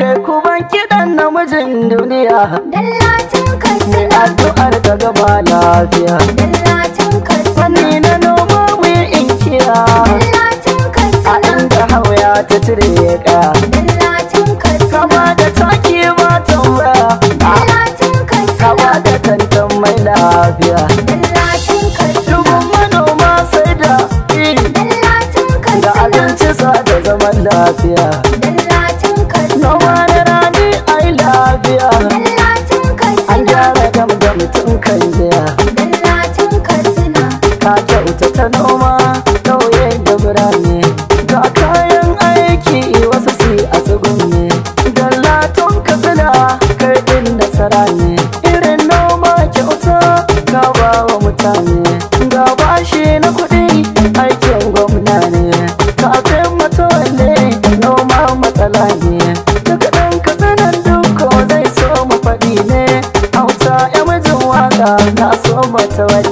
kai kuban kiɗan namijin duniya dallacin kasu addu'ar ka gaba lafiya dallacin kasu sani na noma wuyin inkiya dallacin kasu a inda hauya ta cire ka dallacin kasu kama da taki ba tambaya dallacin kasu kama da tantan mai lafiya dallacin kasu dubun manoma sai da iri dallacin kasu da abinci sa da zaman lafiya Kawai rani ai lafiya An gyara gam da mutum kan biya Ka kyauta ta noma kauye da birane Ga kayan aiki wasu su a tsugunne Dallatun ka suna kai din nasara ne Irin noma kyauta ka ba wa mutane Ga bashi na kuɗi aikin gwamna ne Kafin mutuwa ne noma matsala ne Not so much away.